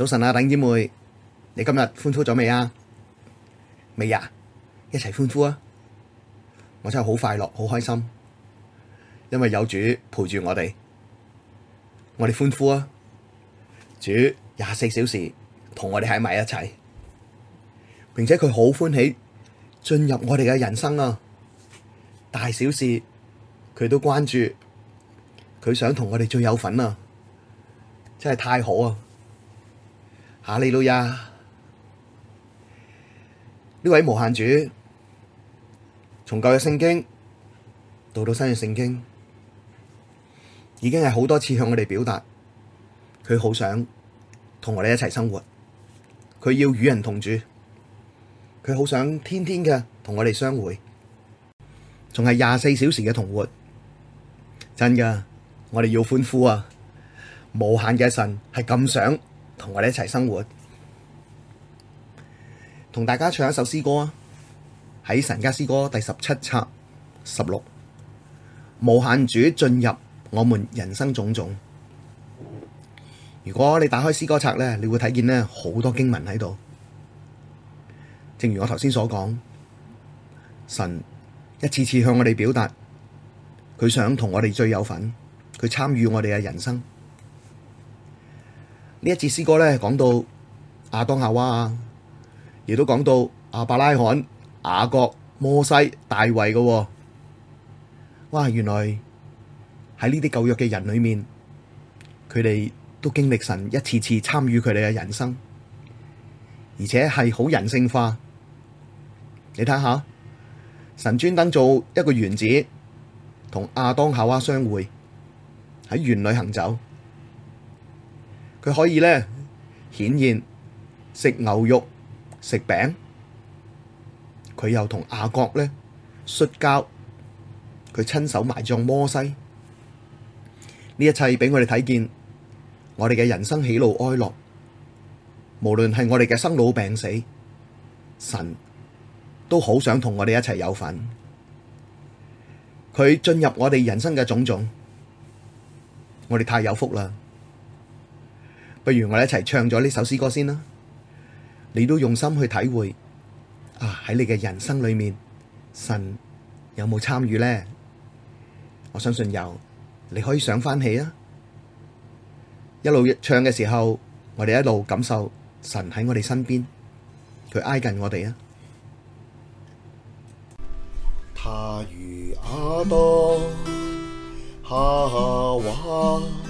早晨啊，鄧姊妹，你今日歡呼咗未啊？未啊，一齊歡呼啊！我真係好快樂，好開心，因為有主陪住我哋，我哋歡呼啊！主廿四小時同我哋喺埋一齊，並且佢好歡喜進入我哋嘅人生啊！大小事佢都關注，佢想同我哋最有份啊！真係太好啊！亞利路亞！呢位無限主，從舊約聖經到到新約聖經，已經係好多次向我哋表達，佢好想同我哋一齊生活，佢要與人同住，佢好想天天嘅同我哋相會，仲係廿四小時嘅同活，真㗎，我哋要歡呼啊！無限嘅神係咁想。同我哋一齊生活，同大家唱一首詩歌啊！喺神家詩歌第十七冊十六，無限主進入我們人生種種。如果你打開詩歌冊咧，你會睇見咧好多經文喺度。正如我頭先所講，神一次次向我哋表達，佢想同我哋最有份，佢參與我哋嘅人生。詩呢一節詩歌咧講到亞當夏娃，亦都講到阿伯拉罕、雅各、摩西、大衛嘅，哦，哇！原來喺呢啲舊約嘅人裏面，佢哋都經歷神一次次參與佢哋嘅人生，而且係好人性化。你睇下，神專登做一個園子，同亞當夏娃相會喺園裏行走。佢可以咧顯現食牛肉食餅，佢又同雅各咧摔跤，佢親手埋葬摩西，呢一切俾我哋睇見，我哋嘅人生喜怒哀樂，無論係我哋嘅生老病死，神都好想同我哋一齊有份，佢進入我哋人生嘅種種，我哋太有福啦。不如我哋一齊唱咗呢首詩歌先啦，你都用心去體會啊！喺你嘅人生裏面，神有冇參與呢？我相信有，你可以想翻起啊！一路唱嘅時候，我哋一路感受神喺我哋身邊，佢挨近我哋啊！祂與亞當夏娃。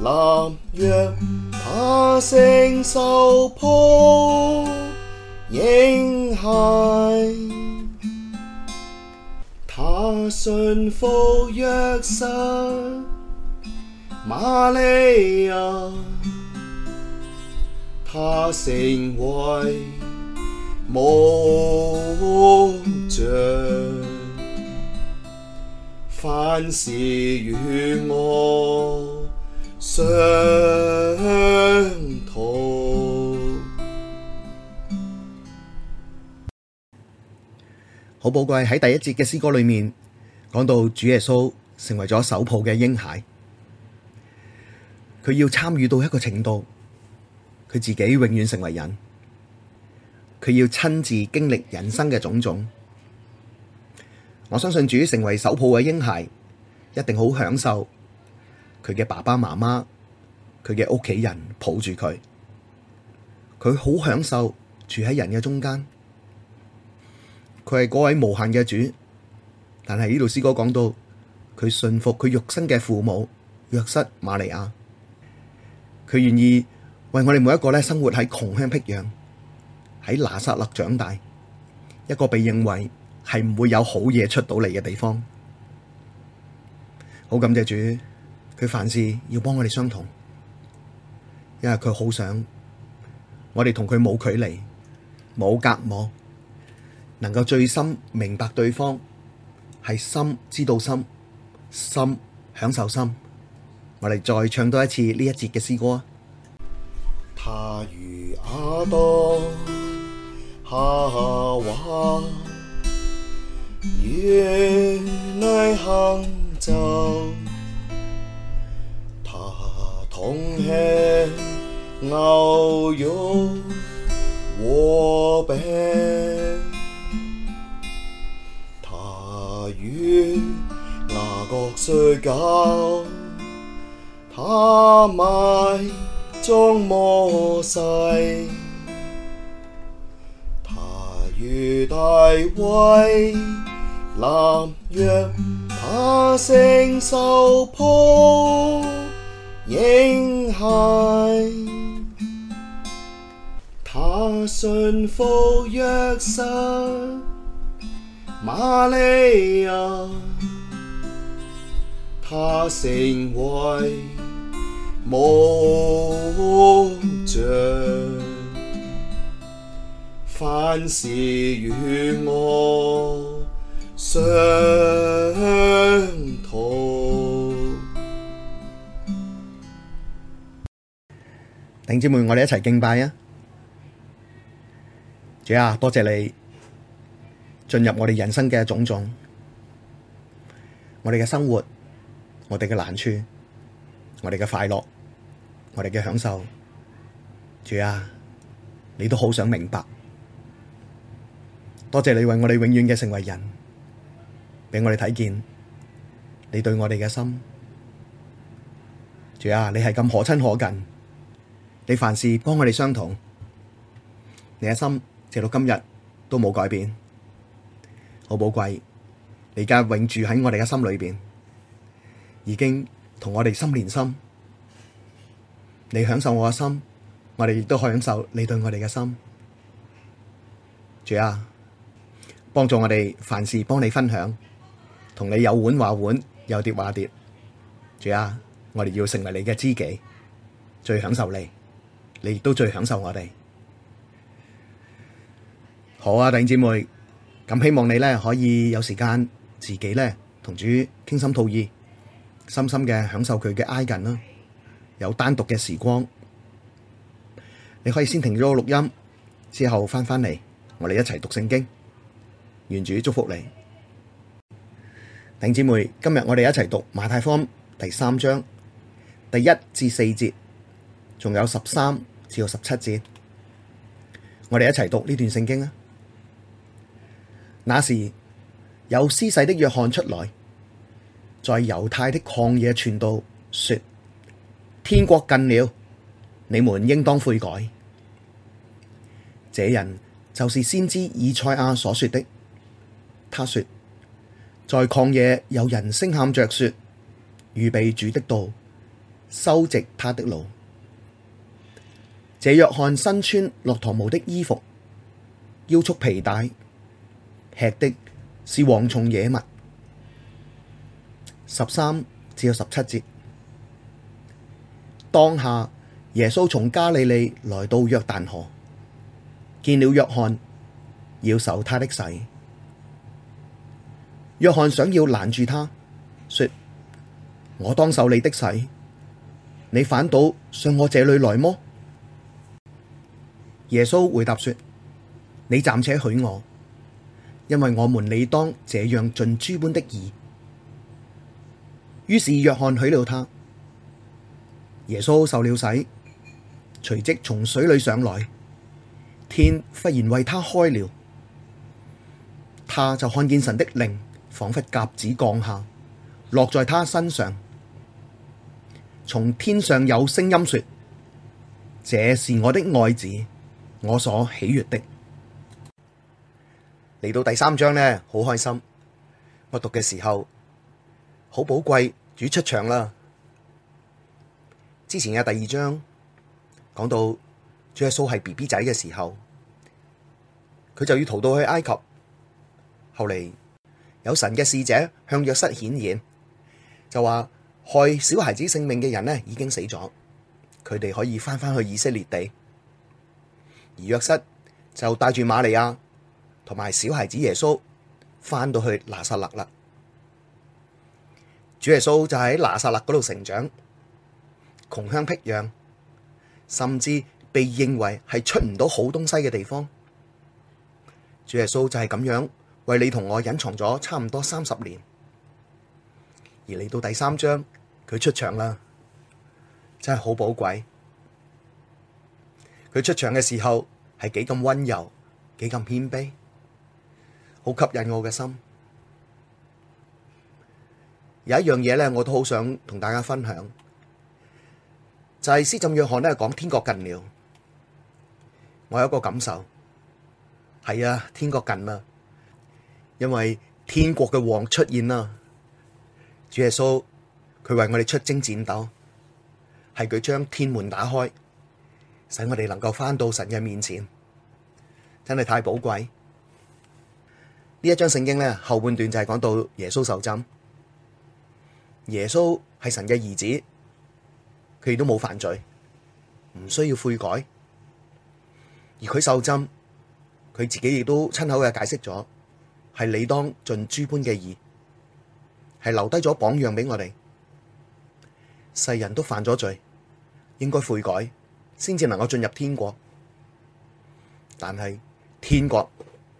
男若他成手抱嬰孩，他順服約瑟，瑪利亞他成為木匠，凡事與我。傷好寶貴，喺第一節嘅詩歌裏面講到，主耶穌成為咗手抱嘅嬰孩，佢要參與到一個程度，佢自己永遠成為人，佢要親自經歷人生嘅種種。我相信主成為手抱嘅嬰孩，一定好享受。佢嘅爸爸媽媽，佢嘅屋企人抱住佢，佢好享受住喺人嘅中間。佢係嗰位無限嘅主，但係呢度詩歌講到佢順服佢肉身嘅父母約瑟、馬利亞，佢願意為我哋每一個咧生活喺窮鄉僻壤，喺拿撒勒長大，一個被認為係唔會有好嘢出到嚟嘅地方。好感謝主。佢凡事要幫我哋相同，因為佢好想我哋同佢冇距離、冇隔膜，能夠最深明白對方，係心知道心，心享受心。我哋再唱多一次呢一節嘅詩歌啊！祂與亞當夏娃，園裡行走。同吃牛肉和餅，他與雅各摔跤？他埋葬摩西，他與大衛立約他成手抱。嬰孩，他順服約瑟，瑪利亞，他成為木匠，凡事與我相。姐妹，我哋一齊敬拜啊！主啊，多謝你進入我哋人生嘅種種，我哋嘅生活，我哋嘅難處，我哋嘅快樂，我哋嘅享受，主啊，你都好想明白。多謝你為我哋永遠嘅成為人，俾我哋睇見你對我哋嘅心。主啊，你係咁可親可近。你凡事幫我哋相同，你嘅心直到今日都冇改變，好寶貴。你而家永住喺我哋嘅心裏邊，已經同我哋心連心。你享受我嘅心，我哋亦都享受你對我哋嘅心。主啊，幫助我哋凡事幫你分享，同你有碗話碗，有碟話碟。主啊，我哋要成為你嘅知己，最享受你。你亦都最享受我哋，好啊，弟兄姊妹，咁希望你呢可以有時間自己呢同主傾心吐意，深深嘅享受佢嘅挨近啦，有單獨嘅時光，你可以先停咗錄音，之後翻返嚟，我哋一齊讀聖經。願主祝福你，弟兄姊妹，今日我哋一齊讀馬太福音第三章第一至四節，仲有十三。至十七節，我哋一齊讀呢段聖經啦。那時有施洗的約翰出來，在猶太的曠野傳道，說：天國近了，你們應當悔改。這人就是先知以賽亞所說的。他說：在曠野有人聲喊着說：預備主的道，修直他的路。這約翰身穿駱駝毛的衣服，腰束皮帶，吃的是蝗蟲野蜜。十三至十七節，當下耶穌從加利利來到約旦河，見了約翰，要受他的洗。約翰想要攔住他，說：我當受你的洗，你反倒上我這裡來麼？耶穌回答說：你暫且許我，因為我們理當這樣盡諸般的義。於是約翰許了他。耶穌受了洗，隨即從水裏上來，天忽然為他開了，他就看見神的靈仿佛鴿子降下，落在他身上。從天上有聲音說：這是我的愛子。我所喜悅的。嚟到第三章呢，好開心。我讀嘅時候好寶貴，主出場啦。之前有第二章講到，主耶穌係 B B 仔嘅時候，佢就要逃到去埃及。後嚟有神嘅使者向約瑟顯現，就話害小孩子性命嘅人咧已經死咗，佢哋可以翻返去以色列地。而約瑟就帶住瑪利亞同埋小孩子耶穌翻到去拿撒勒啦。主耶穌就喺拿撒勒嗰度成長，窮鄉僻壤，甚至被認為係出唔到好東西嘅地方。主耶穌就係咁樣為你同我隱藏咗差唔多三十年，而嚟到第三章，佢出場啦，真係好寶貴。佢出場嘅時候係幾咁溫柔，幾咁謙卑，好吸引我嘅心。有一樣嘢咧，我都好想同大家分享，就係施浸約翰咧講天國近了，我有一個感受，係啊，天國近啦，因為天國嘅王出現啦，主耶穌佢為我哋出征戰鬥，係佢將天門打開。使我哋能夠返到神嘅面前，真係太寶貴。呢一章聖經咧後半段就係講到耶穌受浸。耶穌係神嘅兒子，佢亦都冇犯罪，唔需要悔改。而佢受浸，佢自己亦都親口嘅解釋咗，係理當盡諸般嘅義，係留低咗榜樣俾我哋。世人都犯咗罪，應該悔改。先至能夠進入天國，但係天國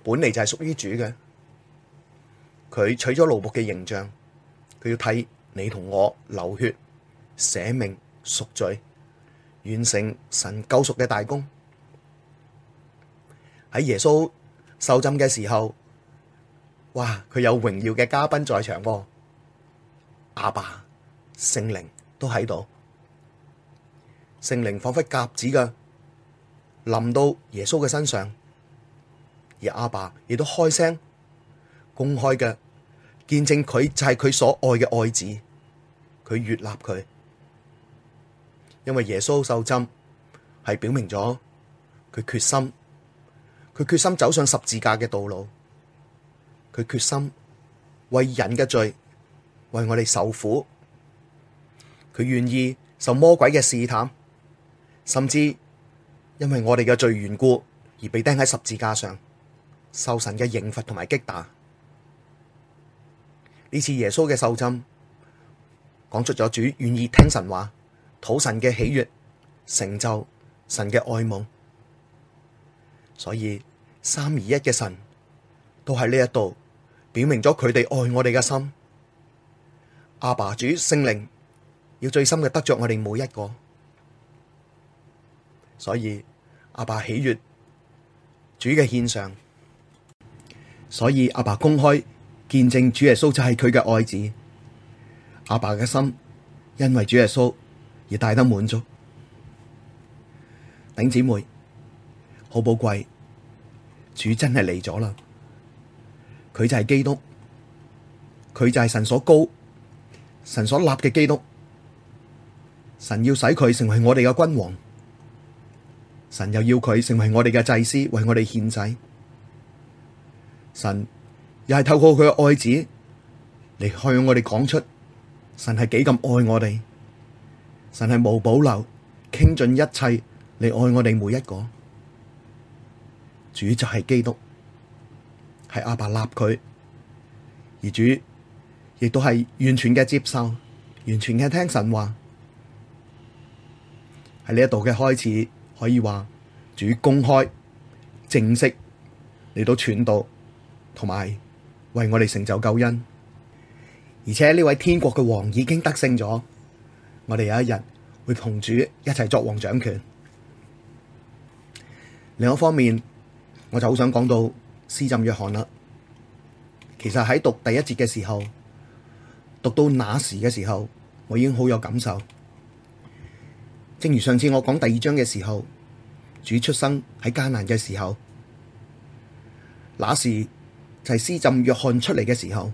本嚟就係屬於主嘅，佢取咗奴僕嘅形象，佢要替你同我流血捨命贖罪，完成神救贖嘅大功。喺耶穌受浸嘅時候，哇！佢有榮耀嘅嘉賓在場喎，阿爸、聖靈都喺度。聖靈仿佛鴿子嘅臨到耶穌嘅身上，而阿爸亦都開聲公開嘅見證佢就係佢所愛嘅愛子，佢悅納佢，因為耶穌受浸係表明咗佢決心，佢決心走上十字架嘅道路，佢決心為人嘅罪為我哋受苦，佢願意受魔鬼嘅試探。甚至因為我哋嘅罪緣故而被釘喺十字架上，受神嘅刑罰同埋擊打。呢次耶穌嘅受浸，講出咗主願意聽神話，討神嘅喜悅，成就神嘅愛慕。所以三而一嘅神，都喺呢一度表明咗佢哋愛我哋嘅心。阿爸主聖靈，要最深嘅得着我哋每一個。所以阿爸，爸喜悅主嘅獻上，所以阿爸，爸公開見證主耶穌就係佢嘅愛子。阿爸嘅心因為主耶穌而大得滿足。頂姊妹好寶貴，主真係嚟咗啦！佢就係基督，佢就係神所膏、神所立嘅基督。神要使佢成為我哋嘅君王。神又要佢成為我哋嘅祭司，為我哋獻祭。神又係透過佢嘅愛子嚟向我哋講出，神係幾咁愛我哋，神係冇保留，傾盡一切嚟愛我哋每一個。主就係基督，係阿爸立佢，而主亦都係完全嘅接受，完全嘅聽神話，喺呢一度嘅開始。可以話主公開正式嚟到傳道，同埋為我哋成就救恩。而且呢位天國嘅王已經得勝咗，我哋有一日會同主一齊作王掌權。另一方面，我就好想講到施浸約翰啦。其實喺讀第一節嘅時候，讀到那時嘅時候，我已經好有感受。正如上次我講第二章嘅時候。主出生喺艱難嘅時候，那時就係施浸約翰出嚟嘅時候。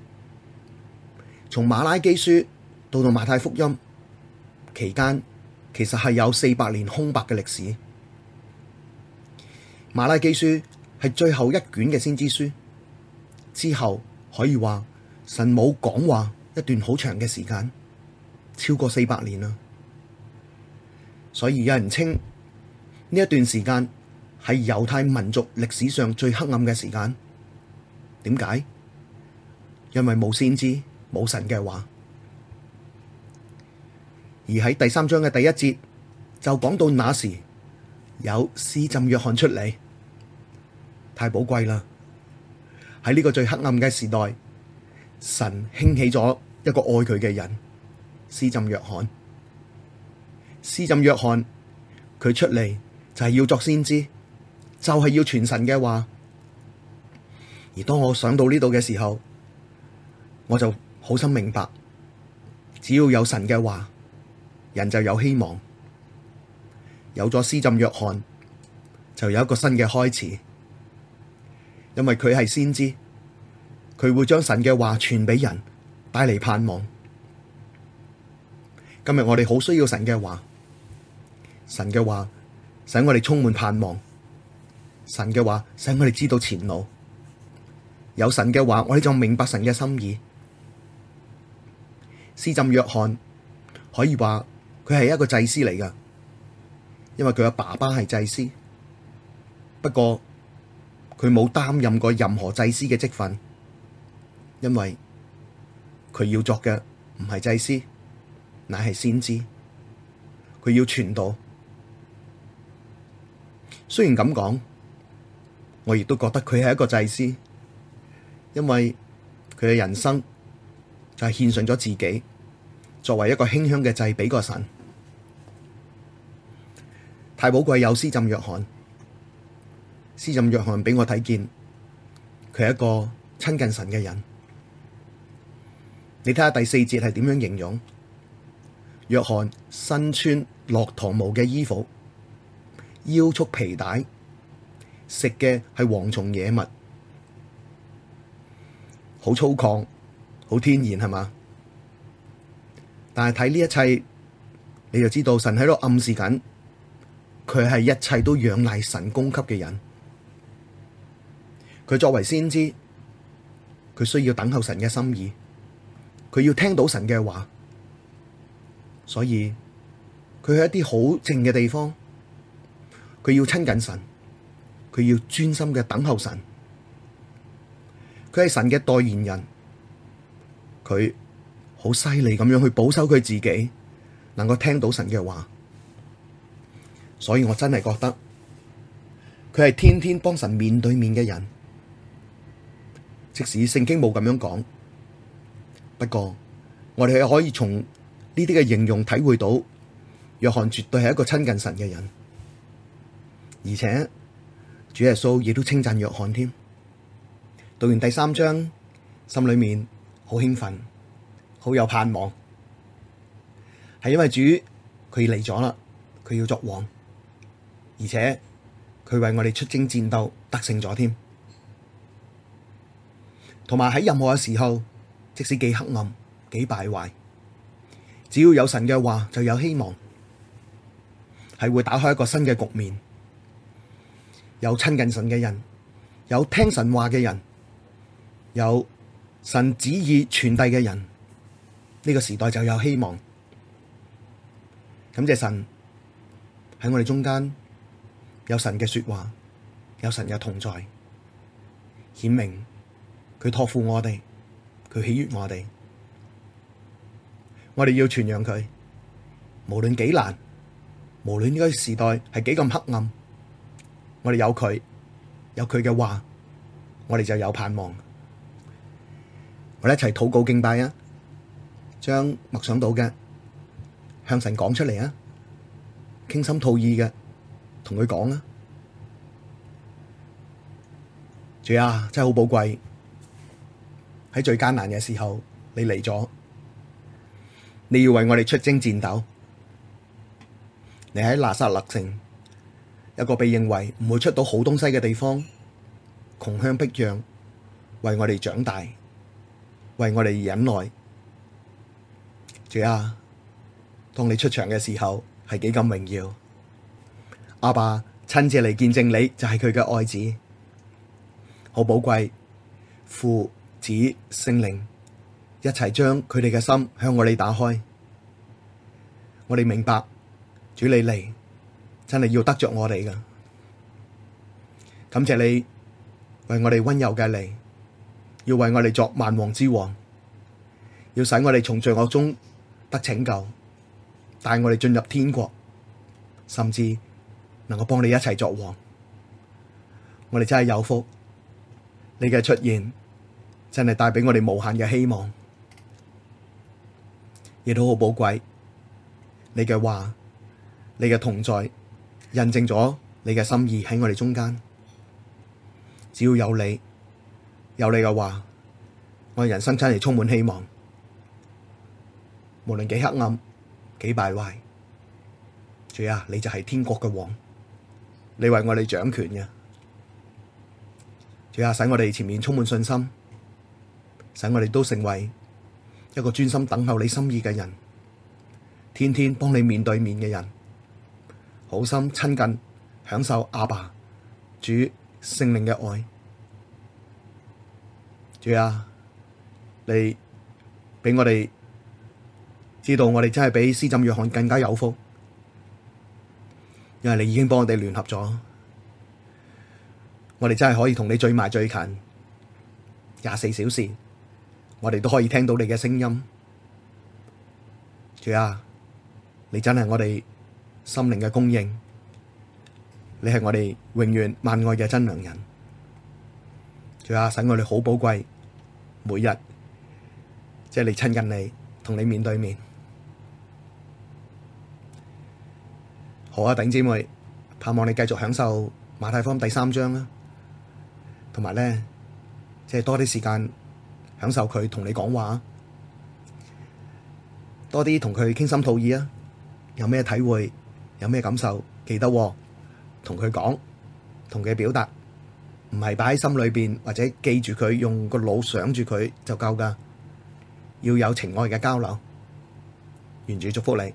從馬拉基書到到馬太福音期間，其實係有四百年空白嘅歷史。馬拉基書係最後一卷嘅先知書，之後，可以話神冇講話一段好長嘅時間，超過四百年啦。所以有人稱。呢一段時間係猶太民族歷史上最黑暗嘅時間，點解？因為冇先知、冇神嘅話，而喺第三章嘅第一節就講到那時有施浸約翰出嚟，太寶貴啦！喺呢個最黑暗嘅時代，神興起咗一個愛佢嘅人，施浸約翰。施浸約翰佢出嚟。就係要作先知，就係、是、要傳神嘅話。而當我想到呢度嘅時候，我就好心明白，只要有神嘅話，人就有希望。有咗施浸約翰，就有一個新嘅開始，因為佢係先知，佢會將神嘅話傳俾人，帶嚟盼望。今日我哋好需要神嘅話，神嘅話。使我哋充滿盼望。神嘅話，使我哋知道前路。有神嘅話，我哋就明白神嘅心意。施浸約翰可以話佢係一個祭司嚟㗎，因為佢嘅爸爸係祭司。不過佢冇擔任過任何祭司嘅職份，因為佢要作嘅唔係祭司，乃係先知。佢要傳道。雖然咁講，我亦都覺得佢係一個祭司，因為佢嘅人生就係獻上咗自己，作為一個馨香嘅祭俾個神。太寶貴有施浸約翰，施浸約翰俾我睇見佢係一個親近神嘅人。你睇下第四節係點樣形容？約翰身穿駱駝毛嘅衣服。腰束皮帶，食嘅係蝗蟲、野蜜，好粗獷，好天然係嘛？但係睇呢一切，你就知道神喺度暗示緊，佢係一切都仰賴神供給嘅人。佢作為先知，佢需要等候神嘅心意，佢要聽到神嘅話，所以佢喺一啲好靜嘅地方。佢要親近神，佢要專心嘅等候神，佢係神嘅代言人，佢好犀利咁樣去保守佢自己，能夠聽到神嘅話，所以我真係覺得佢係天天幫神面對面嘅人，即使聖經冇咁樣講，不過我哋係可以從呢啲嘅形容體會到，約翰絕對係一個親近神嘅人。而且主耶穌亦都稱讚約翰添。讀完第三章，心裏面好興奮，好有盼望，係因為主佢嚟咗啦，佢要作王，而且佢為我哋出征戰鬥得勝咗添。同埋喺任何嘅時候，即使幾黑暗、幾敗壞，只要有神嘅話，就有希望，係會打開一個新嘅局面。有親近神嘅人，有聽神話嘅人，有神旨意傳遞嘅人，呢個時代就有希望。感謝神喺我哋中間有神嘅說話，有神嘅同在，顯明佢託付我哋，佢喜悅我哋，我哋要傳揚佢，無論幾難，無論呢個時代係幾咁黑暗。我哋有佢，有佢嘅話，我哋就有盼望。我哋一齊禱告敬拜啊！將默想到嘅向神講出嚟啊！傾心吐意嘅同佢講啊！主啊，真係好寶貴！喺最艱難嘅時候，你嚟咗，你要為我哋出征戰鬥。你喺拿撒勒城。一個被認為唔會出到好東西嘅地方，窮鄉僻壤，為我哋長大，為我哋而忍耐。主啊，當你出場嘅時候，係幾咁榮耀。阿爸親自嚟見證你，就係佢嘅愛子，好寶貴。父、子、聖靈一齊將佢哋嘅心向我哋打開，我哋明白，主你嚟。真係要得着我哋噶，感謝你為我哋溫柔嘅，你要為我哋作萬王之王，要使我哋從罪惡中得拯救，帶我哋進入天國，甚至能夠幫你一齊作王。我哋真係有福，你嘅出現真係帶俾我哋無限嘅希望，亦都好寶貴。你嘅話，你嘅同在。印證咗你嘅心意喺我哋中間，只要有你，有你嘅話，我人生真係充滿希望。無論幾黑暗，幾敗壞，主啊，你就係天國嘅王，你為我哋掌權嘅。主啊，使我哋前面充滿信心，使我哋都成為一個專心等候你心意嘅人，天天幫你面對面嘅人。好心親近，享受阿爸主聖靈嘅愛。主啊，你俾我哋知道，我哋真係比施浸約翰更加有福，因為你已經幫我哋聯合咗，我哋真係可以同你最埋最近，廿四小時，我哋都可以聽到你嘅聲音。主啊，你真係我哋。心靈嘅供應，你係我哋永遠萬愛嘅真良人，主啊，使我哋好寶貴，每日即係嚟親近你，同你面對面，好啊，頂姐妹，盼望你繼續享受馬太福音第三章啦，同埋咧，即係多啲時間享受佢同你講話，多啲同佢傾心吐意啊，有咩體會？有咩感受？記得喎，同佢講，同佢表達，唔係擺喺心裏邊或者記住佢，用個腦想住佢就夠噶。要有情愛嘅交流，願主祝福你。